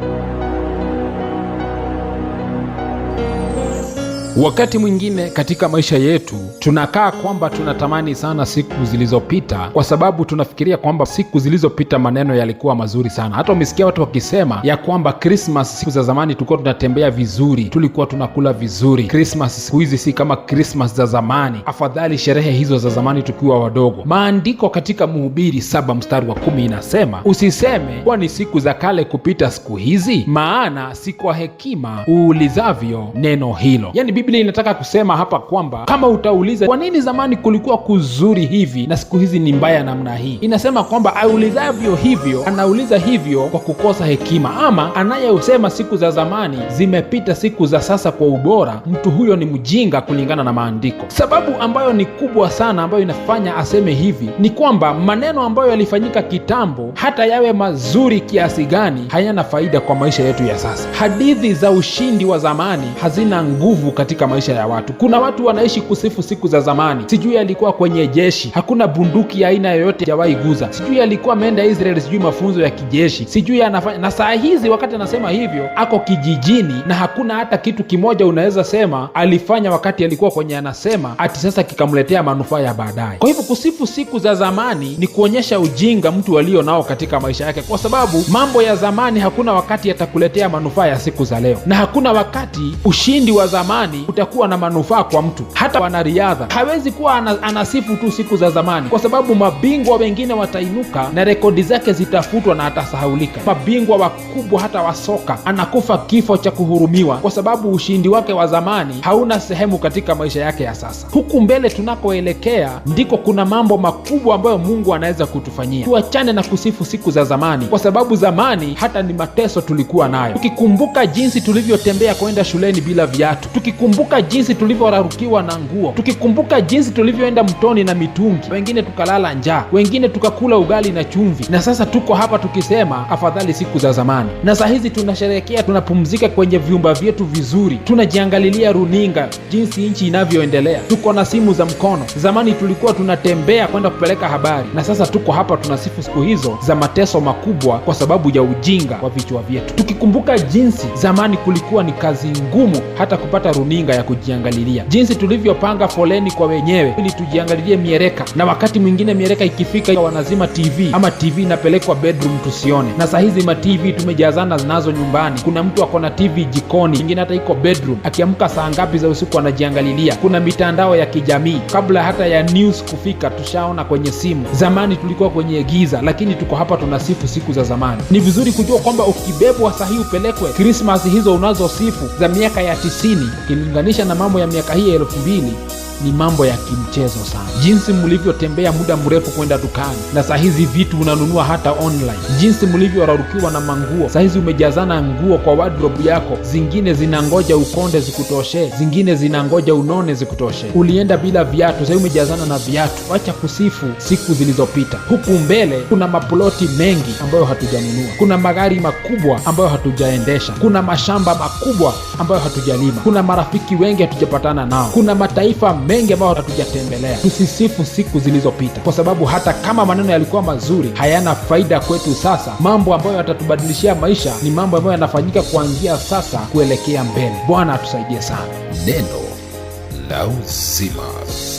Thank you. Wakati mwingine katika maisha yetu tunakaa kwamba tunatamani sana siku zilizopita, kwa sababu tunafikiria kwamba siku zilizopita maneno yalikuwa mazuri sana. Hata umesikia watu wakisema ya kwamba Krismas siku za zamani tulikuwa tunatembea vizuri, tulikuwa tunakula vizuri. Krismas siku hizi si kama Krismas za zamani, afadhali sherehe hizo za zamani tukiwa wadogo. Maandiko katika Mhubiri saba mstari wa kumi inasema usiseme kuwa ni siku za kale kupita siku hizi, maana si kwa hekima uulizavyo neno hilo. Yani, Biblia inataka kusema hapa kwamba kama utauliza kwa nini zamani kulikuwa kuzuri hivi na siku hizi ni mbaya namna hii, inasema kwamba aulizavyo hivyo anauliza hivyo kwa kukosa hekima, ama anayesema siku za zamani zimepita siku za sasa kwa ubora, mtu huyo ni mjinga kulingana na maandiko. Sababu ambayo ni kubwa sana ambayo inafanya aseme hivi ni kwamba maneno ambayo yalifanyika kitambo, hata yawe mazuri kiasi gani, hayana faida kwa maisha yetu ya sasa. Hadithi za ushindi wa zamani hazina nguvu katika katika maisha ya watu. Kuna watu wanaishi kusifu siku za zamani, sijui alikuwa kwenye jeshi, hakuna bunduki ya aina yoyote hajawahi guza, sijui alikuwa ameenda Israel, sijui mafunzo ya kijeshi, sijui anafanya. Na saa hizi wakati anasema hivyo, ako kijijini na hakuna hata kitu kimoja unaweza sema alifanya wakati alikuwa kwenye anasema ati sasa kikamletea manufaa ya baadaye. Kwa hivyo kusifu siku za zamani ni kuonyesha ujinga mtu alio nao katika maisha yake, kwa sababu mambo ya zamani hakuna wakati yatakuletea manufaa ya siku za leo, na hakuna wakati ushindi wa zamani utakuwa na manufaa kwa mtu. Hata wanariadha hawezi kuwa anasifu tu siku za zamani, kwa sababu mabingwa wengine watainuka na rekodi zake zitafutwa na atasahaulika. Mabingwa wakubwa hata wa soka anakufa kifo cha kuhurumiwa, kwa sababu ushindi wake wa zamani hauna sehemu katika maisha yake ya sasa. Huku mbele tunakoelekea ndiko kuna mambo makubwa ambayo Mungu anaweza kutufanyia. Tuachane na kusifu siku za zamani, kwa sababu zamani hata ni mateso tulikuwa nayo, tukikumbuka jinsi tulivyotembea kwenda shuleni bila viatu, tukikumbuka tukikumbuka jinsi tulivyorarukiwa na nguo, tukikumbuka jinsi tulivyoenda mtoni na mitungi, wengine tukalala njaa, wengine tukakula ugali na chumvi, na sasa tuko hapa tukisema afadhali siku za zamani. Na saa hizi tunasherehekea, tunapumzika kwenye vyumba vyetu vizuri, tunajiangalilia runinga jinsi nchi inavyoendelea, tuko na simu za mkono. Zamani tulikuwa tunatembea kwenda kupeleka habari, na sasa tuko hapa tunasifu siku hizo za mateso makubwa kwa sababu ya ujinga wa vichwa vyetu, tukikumbuka jinsi zamani kulikuwa ni kazi ngumu hata kupata runinga ujinga ya kujiangalilia jinsi tulivyopanga foleni kwa wenyewe ili tujiangalilie miereka, na wakati mwingine miereka ikifika wanazima TV ama TV inapelekwa bedroom tusione. Na saa hizi ma TV tumejazana nazo nyumbani. Kuna mtu ako na TV jikoni, ingine hata iko bedroom, akiamka saa ngapi za usiku anajiangalilia. Kuna mitandao ya kijamii, kabla hata ya news kufika tushaona kwenye simu. Zamani tulikuwa kwenye giza, lakini tuko hapa tunasifu siku za zamani. Ni vizuri kujua kwamba ukibebwa sahii upelekwe Krismas hizo unazosifu za miaka ya tisini ukilinganisha na mambo ya miaka hii ya elfu mbili ni mambo ya kimchezo sana. Jinsi mlivyotembea muda mrefu kwenda dukani, na saa hizi vitu unanunua hata online. Jinsi mlivyorarukiwa na manguo, saa hizi umejazana nguo kwa wardrobe yako, zingine zinangoja ukonde zikutoshee, zingine zinangoja unone zikutoshee. Ulienda bila viatu, sahii umejazana na viatu. Wacha kusifu siku zilizopita. Huku mbele kuna maploti mengi ambayo hatujanunua, kuna magari makubwa ambayo hatujaendesha, kuna mashamba makubwa ambayo hatujalima, kuna marafiki wengi hatujapatana nao, kuna mataifa mengi ambayo hatujatembelea. Tusisifu siku zilizopita, kwa sababu hata kama maneno yalikuwa mazuri, hayana faida kwetu sasa. Mambo ambayo yatatubadilishia maisha ni mambo ambayo yanafanyika kuanzia sasa kuelekea mbele. Bwana atusaidie sana. Neno la Uzima.